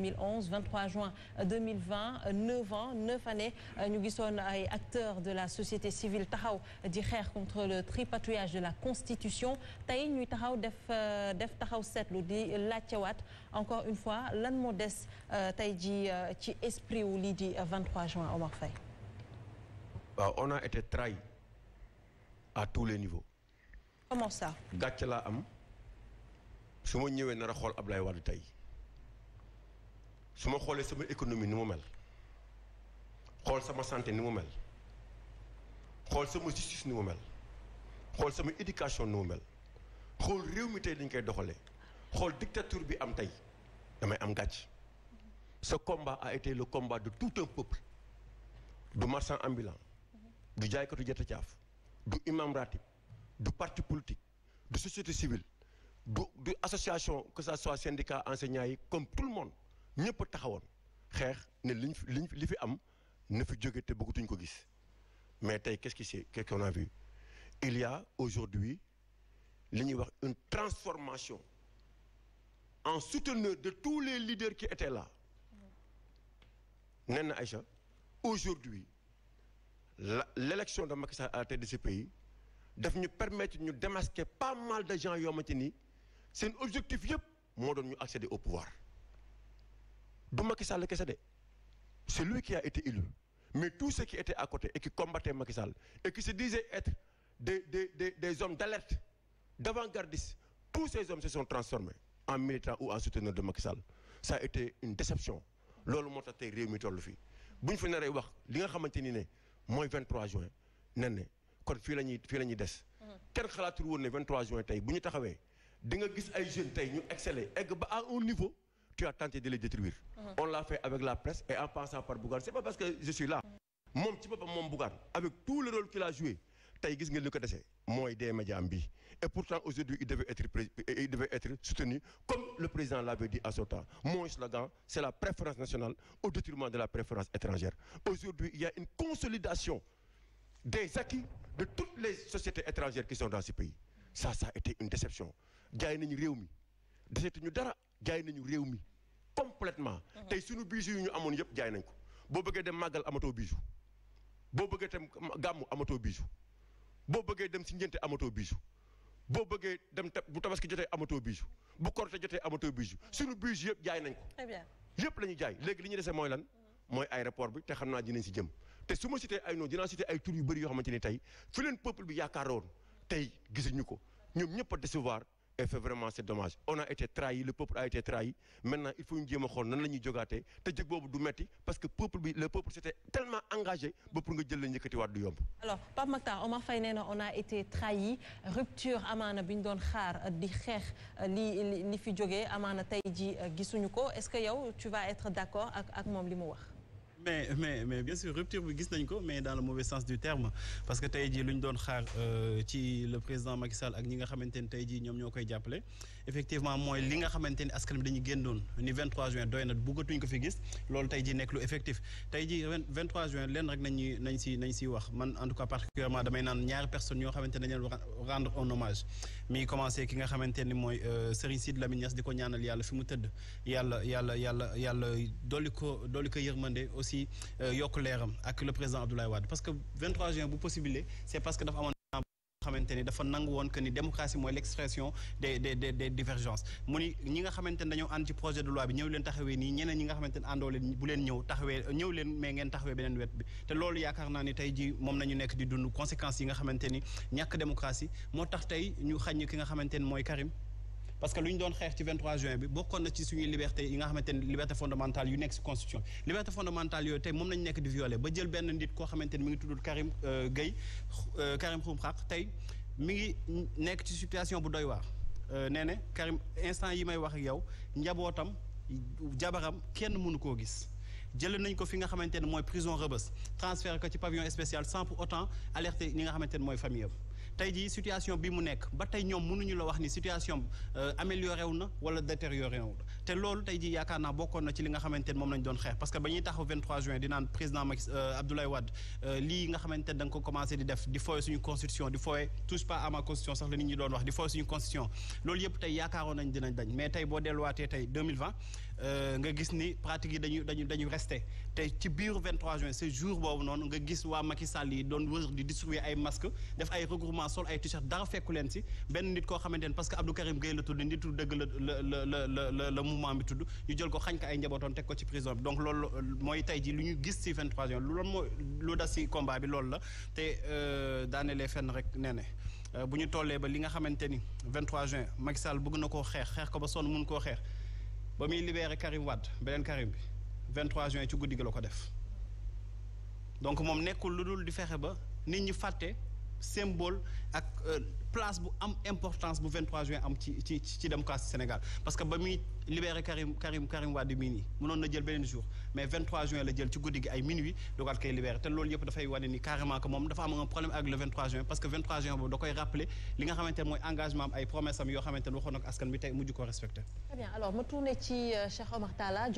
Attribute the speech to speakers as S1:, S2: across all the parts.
S1: 2011 23 juin 2020 neuf ans neuf années ñu gisoon ay acteurs de la société civile taxaw di xeex contre le tripatouillage la constitution tey ñuy taxaw def euh, def taxaw seetlu di laajtewaat encore une fois lan moo des euh, tey ji euh, ci esprit wu lii di 23 juin Omar Faye
S2: waaw on a été les niveaux comment ça gàcc am su ñëwee nar xool Ablaye Wade tey su ma xoolee sama économie ni mu mel xool sama santé ni mu mel xool sama justice ni mu mel xool sama éducation ni mu mel xool réew mi tey dañ koy doxalee xool dictature bi am tey damay am gàcc sa combat a été le combat de tout un peuple du marchand ambulant du jaaykatu jete caaf du imam ratib du parti politique du société civile du du association que ça soit syndicat enseignants yi comme tout le ñëpp taxawoon xeex ne liñ fi liñ li fi am na fi jóge te bëggatuñ ko gis mais tey qu'est-ce qui c'est il y a aujourd'hui li ñuy wax une transformation en souteneur de tous les leaders qui étaient là neen na ay Aïcha aujourd'hui la l'élection de Macky Sall à la tête de ce pays daf ñu permettre ñu démasquer pas mal de gens yoo xamante ni seen objectif yëpp moo doon ñu accéder au pouvoir du Macky Sall kese de c'est lui qui été élu mais tous ceux qui à côté et qui combattaient Macky Sall et qui se de de des des des, des hommes d'alerte d'avant-gardistes tous ces hommes se sont transformés en militants ou en souteneurs de Macky sa a été une déception loolu moo tax tey réew mi toll fii bu ñu fa naree wax li nga xamante ni ne mooy 23 juin nen ne kon fii la ñuy fii la ñuy des. Mm-hmm. kenn xalaatul woon ne 23 juin tey bu ñu taxawee di nga gis ay tey ñu exceller egg ba à un niveau. tu as tenté de les détruire. Uh-huh. on l'a fait avec la presse et en passant par Bougane c'est pas parce que je suis là. moom ci boppam moom Bougane avec tout le rôle qu'il a joué tey gis nga li ko dese mooy dee et pourtant aujourd'hui il devait être soutenu comme le président l'avait dit à son temps mon slogan c'est la préférence nationale au détriment de la préférence étrangère aujourd'hui il y a une consolidation des acquis de toutes les sociétés étrangères qui sont dans a été complètement tey suñu bijoux yu ñu amoon yëpp jaay nañ ko boo bëggee dem màggal amatoo bijoux boo bëggee dem gàmmu amatoo bijoux boo bëggee dem si njënte amatoo bijoux boo bëggee dem bu tabaski jotee amatoo bijoux bu korite jotee amatoo bijoux suñu bijoux yëpp jaay nañ ko yëpp la ñuy jaay léegi li ñu desee mooy lan mooy aéroport bi te xam naa dinañ si jëm te su ma cité ay noonu dinaa cité ay tur yu bëri yoo xamante ni tey fi leen peuple bi yaakaaroon tey gisuñu ko ñoom ñëpp a et fait vraiment c'est dommage on a été trahi le peuple a été trahi maintenant il faut ñu jéem a xool nan la ñuy te jëg boobu du metti parce que peuple bi le peuple s'était tellement engagé ba pour nga jël la njëkkati waat du yomb
S1: alors Pape Makhtar Omar Faye nee na on a été trahi rupture amaana bi ñu doon xaar di xeex euh, li li fi jógee amaana tey ji euh, gisuñu ko est-ce que yow tu vas être d'accord ak ak moom li mu wax
S3: mais mais mais bien sûr rupture bi gis nañ ko mais dans mauvais sens du terme parce que tey jii lu doon xaar euh, ci le président Macky ak ñi nga xamante ni tey ñoom ñoo koy jàppale effectivement mooy li nga xamante ni askan bi dañu génnoon ni juin doy na bëggatuñ ko fi gis loolu tey jii nekk lu effectif tey jii juin leen rek nañu nañ si wax man en tout cas particulièrement damay naan ñaari personnes yoo xamante ne rendre un hommage mi commencé ki ci euh, yokk leeram ak le président Abdoulaye Wade parce que 23 juin bu possible c'est parce que dafa amoon xamante ni dafa nangu woon que ni démocratie mooy l'expression des des des mu ni ñi nga xamante ne dañoo ànd ci ñëw leen taxawee nii ñeneen ñi nga xamante ne àndoo leen bu leen ñëw taxawee ñëw leen mais ngeen taxawee beneen wet bi te loolu yaakaar naa ni tey ji moom nañu nekk di dund conséquences yi nga xamante ni ñàkk démocratie moo tax tey ñu xañ ki nga xamante ni mooy Karim parce que lu ñu doon xeex ci 23 juin bi bokkoon na ci suñuy liberté yi nga xamante ni liberté fondamentale yu nekk si constitution liberté fondamentale yooyu tey moom lañ nekk di violer ba jël benn nit koo xamante ni ngi tuddul Karim euh, Gueye euh, Karim Xrum Xax tey mi ngi nekk ci situation bu doy waar euh, nee na Karim instant yi may wax ak yow njabootam jabaram kenn mënu koo gis jële nañ ko fi nga xamante ne mooy prison Rebeuss transféré ko ci pavillon spécial sans pour autant alerter ñi nga xamante ne mooy famille tey jii situation bi mu nekk ba tey ñoom mënuñu la wax ni situation euh, amélioré na wala détérioré te loolu tey jii yaakaar naa bokkoon na ci li nga xamante ne moom lañ doon xeex parce que ba ñuy taxaw 23 juin di naan président Macky euh, Abdoulaye Wade euh, lii nga xamante ne da nga ko commencé di def di fooye suñu constitution di fooye touche pas à constitution sax la nit ñi doon wax di fooye suñu constitution loolu yëpp tey yaakaaroon nañ dinañ dañ mais tey boo delluwaatee tey 2020 nga gis ni pratique sol ay t-shirt dara fekku leen si benn nit koo xamante ne parce que Abdou Karim Gueye la tudd nit tudd dëgg la la la la la bi tudd ñu jël ko xañ ko ay njabootoon teg ko ci prison bi donc mooy tey ji lu gis si 23 juin loolu mooy lu das si combat bi loolu la te euh, daanelee fenn rek nee ne euh, bu ñu tollee ba li nga xamante ni 23 juin Macky Sall bëgg na koo xeex xeex ko ba sonn mun koo xeex ba muy libéré Karim Wade beneen Karim bi 23 juin ci guddi la ko def donc moom nekkul lu dul di fexe ba nit ñi fàtte. symbole ak euh, place bu am importance bu juin am ci démocratie Sénégal parce que ba muy libéré Karim Karim Karim Wade mii nii mënoon na jël beneen jour mais juin la jël ci guddi gi ay minuit dogal koy libéré te loolu yëpp dafay wane ni carrément moom dafa am problème ak le juin parce que juin boobu da koy rappelé li nga xamante ne mooy engagement ay promesse am yoo xamante ne waxoon ak askan bi tey mujj ko respecté.
S1: alors ma tourné ci euh, Cheikh Omar Talla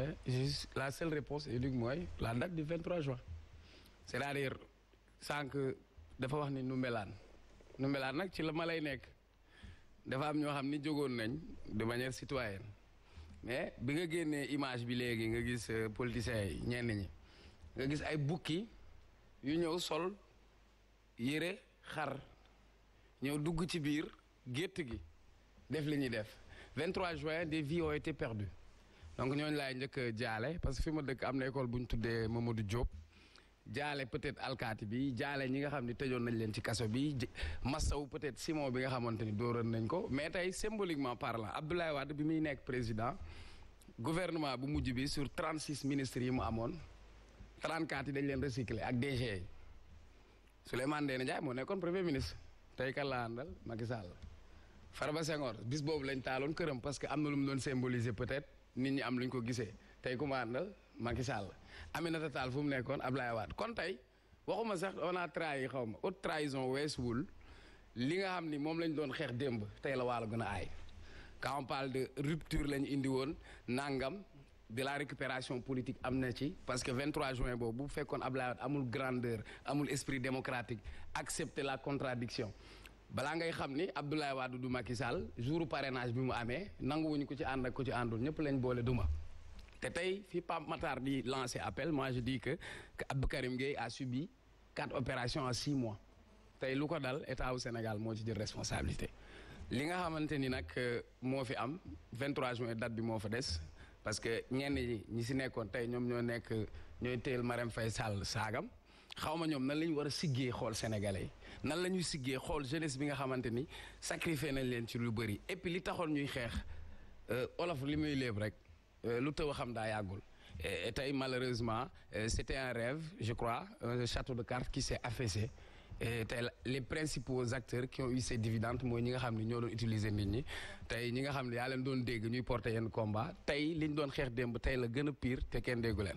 S4: juin juste la seule réponse unique mooy la date du 23 juin c'est-à-dire sànq dafa wax ni nu melaan nu melaan nag ci la ma lay nekk dafa am ñoo xam ni jógoon nañ de manière citoyenne mais bi nga génnee image bi léegi nga gis euh, politiciens yi ñenn ñi nga gis ay bukki yu ñëw sol yére xar ñëw dugg ci biir gétt gi def li ñuy def 23 juin des vies ont été perdues donc ñooñu laay njëkk jaale parce que fi ma dëkk am na école bu ñu tuddee du Diop jaale peut-être alkaati bi jaale ñi nga xam ne tëjoon nañ leen ci kaso bi massaw peut-être Simon bi nga xamante ni dóoroon nañ ko mais tey symboliquement parlant Abdoulaye Wade bi muy nekk président gouvernement bu mujj bi sur 36 ministres yi mu amoon 34 yi dañ leen recycler ak DG yi Souleymane Ndéné Ndiaye moo nekkoon premier ministre tey kan laa àndal Macky Sall Farba Senghor bis boobu lañ taaloon parce que na lu mu doon symboliser être nit ñi am luñ ko gisee tey ku ma àndal Macky Sall Aminata Tall fu mu nekkoon Ablaye Wade kon tey waxuma sax on a trahi xaw ma haute trahison weesuwul li nga xam ni moom lañ doon xeex démb tey la waalo gën a aay quand on parle de rupture lañ indi woon nangam de la récupération politique am na ci parce que 23 juin boobu bu fekkoon Ablaye Wade amul grandeur amul esprit démocratique accepter la contradiction balaa ngay xam ni Abdoulaye Wade du Macky Sall jour parrainage bi mu amee nanguwuñu ko ci ànd ak ko ci àndul ñëpp lañ boole duma te tey fi pam Matar di lancer appel moi je dis que que Abdou Karim Gueye a subi quatre opérations en six mois tey lu ko dal état wu Sénégal moo ci jël responsabilité. li nga xamante ni nag euh, moo fi am 23 juin date bi moo fa des parce que ñenn ñi ñi si nekkoon tey ñoom ñoo nekk ñooy téyel Marème Faye Sall saagam. xaw ma ñoom nan la ñu war a siggee xool sénégalais yi nan la ñuy siggee xool jeunesse bi nga xamante ni sacrifié nañ leen ci lu bëri et li taxoon ñuy xeex euh, olof li muy léeb rek euh, lu tëw a xam daa yàggul et tey malheureusement euh, c'était un rêve je crois un de cartes qui s'est affaissé tey les principaux acteurs qui ont eu ces dividendes mooy ñi nga xam ni ñoo doon utiliser nit ñi tey ñi nga xam ne yaa leen doon dégg ñuy porter yenn combat tey liñ doon xeex démb tey la gën a pire te kenn déggu leen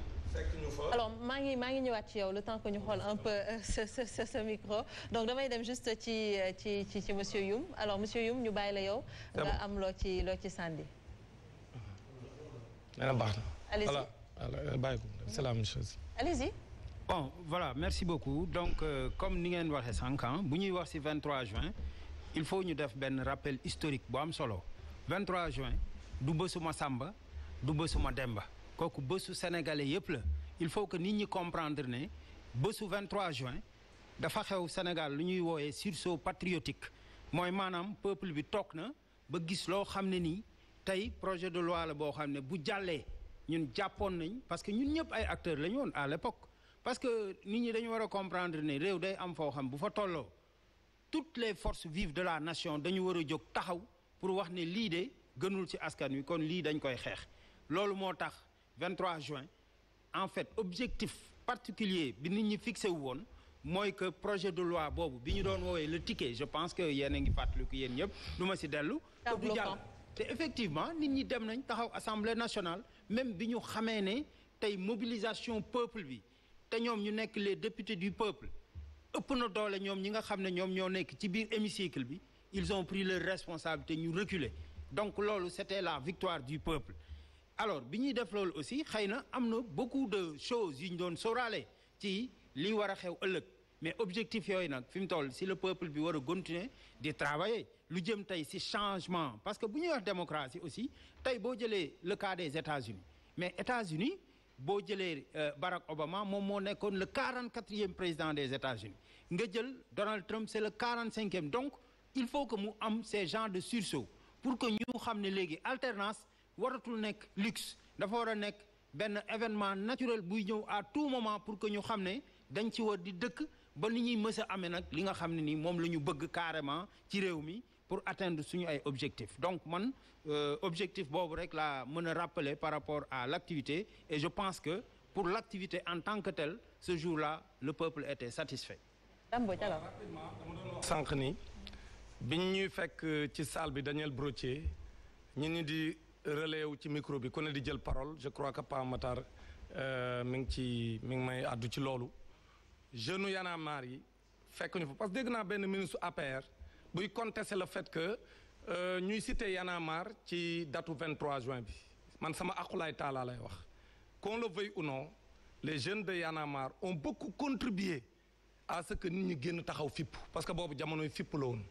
S5: alors
S1: maa ngi maa ngi ñëwaat ci yow le temps que ñu xool un peu euh, ce micro donc damay dem juste ci ci ci ci monsieur Youm alors monsieur Youm ñu bàyyi la yow. nga am loo ci loo ci sànni.
S6: dana ah, baax na. Euh, allez-y bon voilà merci beaucoup donc euh, comme ni ngeen waxee sànq ah, bu ñuy wax ci 23 juin il faut ñu def benn rappel historique bu am solo 23 juin du bësuma sàmba du bësuma Demba. kooku bésu sénégalais yëpp la il faut que nit ñi comprendre ne bésu 23 juin dafa xew Sénégal lu ñuy wooyee sursaut patriotique mooy maanaam peuple bi toog na ba gis loo xam ne nii tey projet de loi boo xam ne bu jàllee ñun jàppoon nañ parce que ñun ñëpp ay acteurs la ñu woon à l'époque parce que nit ñi dañu war a comprendre ne réew day am foo xam bu fa tolloo toutes les forces vives de la nation dañu war a jóg taxaw pour wax ne lii de gënul ci askan wi kon lii dañ koy xeex 23 juin en fait objectif particulier bi nit ñi fixé wu woon mooy que projet de loi boobu bi ñu doon woowee le ticket je pense que yéen a ngi fàttaliku yéen ñëpp du ma si dellu te du jàll te effectivement nit ñi dem nañ taxaw assemblée nationale même bi ñu xamee ne tey mobilisation peuple bi te ñoom ñu nekk les députés du peuple ëpp na doole ñoom ñi nga xam ne ñoom ñoo nekk ci biir hémicycle bi ils ont pris leur responsabilité ñu reculer donc loolu c'était la victoire du peuple alors bi ñuy def loolu aussi xëy na am na beaucoup de choses yu ñu doon sóoraale ci li war a xew ëllëg mais objectif yooyu nag fi mu toll si le peuple bi war a continuer di travailler lu jëm tey si changement parce que bu ñuy wax démocratie aussi tey boo jëlee le cas des États-Unis mais États-Unis boo jëlee euh, Barack Obama moom moo nekkoon le quarante quatrième président des États-Unis nga jël Donald Trump c'est le quarante cinquième donc il faut que mu am ces de sursaut pour léegi alternance waratul nekk luxe dafa war a nekk benn événement naturel buy ñëw à tout moment pour que ñu xam ne dañ ci war di dëkk ba ni ñuy mës a amee nag li nga xam ne nii moom la ñu bëgg carrément ci réew mi pour atteindre suñu ay objectifs donc man euh, objectif boobu rek la mën a rappeler par rapport à l'activité et je pense que pour l'activité en tant que telle ce jour-là le peuple était satisfait. sànq ni
S5: biñ ñuy fekk ci salle bi danielle Brotier ñu ni di. relais wu ci micro bi ku ne di jël parole je crois que Pa Matar euh, mi ngi ci mi ngi may àddu ci loolu jeune Y'en a yi fekk ñu fa parce que dégg naa benn ministre APR buy contester la fait que euh, ñuy cité Y'en ci datu 23 juin bi man sama aqulaay taalaa lay wax qu'on le veuille ou non les jeunes de Y'en a marre ont à ce que nit ñi génn taxaw fipp parce que boobu jamonoy fipp la woon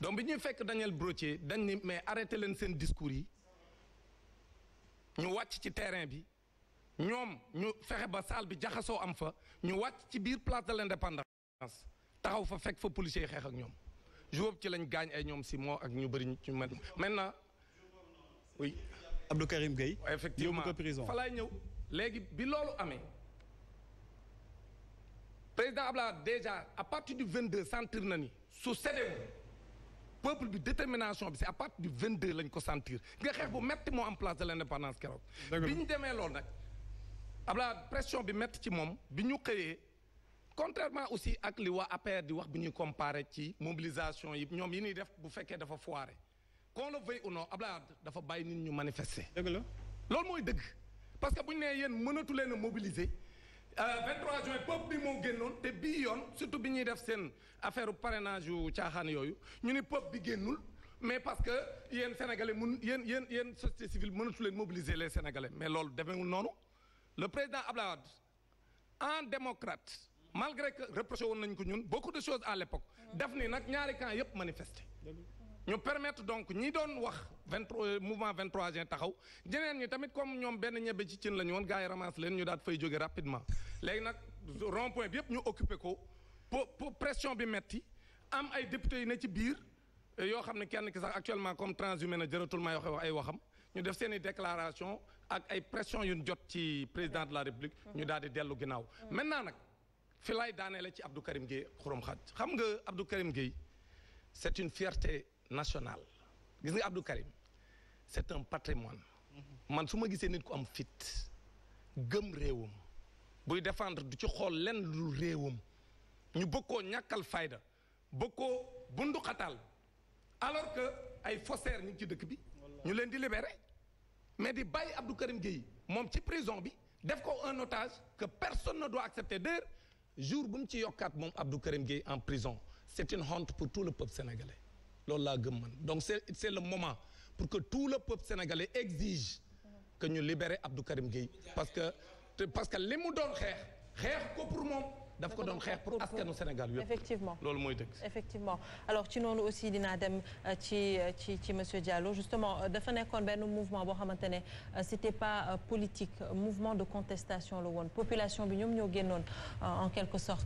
S5: donc bi ñuy fekk Daniel Brottier dañ ni mais arrêté leen seen discours yi ñu wàcc ci terrain bi ñoom ñu fexe ba salle bi jaxasoo am fa ñu wàcc ci biir place de l'indépendance taxaw fa fekk fa policiers xeex ak ñoom jóob ci lañ gaañ ay ñoom si moo ak ñu bëri ñu mel maintenant oui. Abdou Karim Gueye. effectivement yóbbu ko prison fa laay ñëw. léegi bi loolu amee président Abdoulaye déjà à partir du deux centir na ni su séddee peuple bi détermination bi c'est à partir du 22 lañ ko sentir nga xeex bu metti moo am place de l'indépendance keroog. bi ñu demee loolu nag. abla pression bi metti ci moom bi ñu xëyee contrairement aussi ak li waa APR di wax bi ñuy comparer ci mobilisation yi ñoom yi ñuy def bu fekkee dafa foiré. qu'on le veuille ou non Abdoulaye dafa bàyyi nit ñu manifester. dëgg la loolu mooy dëgg parce que bu ñu nee yéen mënatu leen a mobiliser. 23 euh, juin peuple bi moo génnoon te bii yoon surtout bi ñuy def seen affaire parrainage yu caaxaan yooyu ñu ni pop bi génnul mais parce que yéen sénégalais mun yen yéen yéen société civile mënatu leen mobiliser les sénégalais mais loolu demeewul noonu le président Abdoulaye Wade en démocrate malgré que reproché woon nañ ko ñun beaucoup de choses à l'époque def ni nag ñaari kan yépp manifester ñu permettre donc ñi doon wax vingt trois mouvement 23 juin taxaw jeneen ñi tamit comme ñoom benn ñebe ci cin la ñu woon gars yi leen ñu daal fay jóge rapidement léegi nag rond point bi yëpp ñu occupé ko pour pression bi metti am ay député yu ne ci biir yoo xam ne kenn ki sax actuellement comme transhumé na jëratul may wax ay waxam ñu def seeni déclaration ak ay pression yu ñu jot ci président de la république ñu daal di dellu ginnaaw maintenant nag fi laay daanee la ci Abdou Karim Gueye xurum xam nga Abdou Karim Gueye c'est une fierté national gis nga Abdou Karim c'est un patrimoine man su ma gisee nit ku am fit gëm réewam buy défendre du ci xool lenn lu réewam ñu bëgg koo ñàkkal fayda bëgg koo bundu xataal alors que ay faussaires ñu ngi ci dëkk bi ñu leen di libérer mais di bàyyi Abdou Karim Gueye moom ci prison bi def ko un otage que personne ne doit accepter d'ailleurs jour bu mu ci yokkaat moom Abdou Karim Gueye en prison c'est une honte pour tout le peuple sénégalais loolu laa gëm donc c' est est le moment pour que tout le peuple sénégalais exige que ñu libérer Abdou Karim Gueye parce que te parce que li mu doon xeex xeex ko pour moom. daf ko doon xeex pour askanu Sénégal yëpp effectivement loolu mooy dëgg
S1: effectivement alors ci noonu aussi dinaa dem euh, ci euh, ci ci monsieur Diallo justement euh, dafa nekkoon benn mouvement boo xamante ne c'était pas politique mouvement de contestation la woon population bi ñoom ñoo génnoon en quelque sorte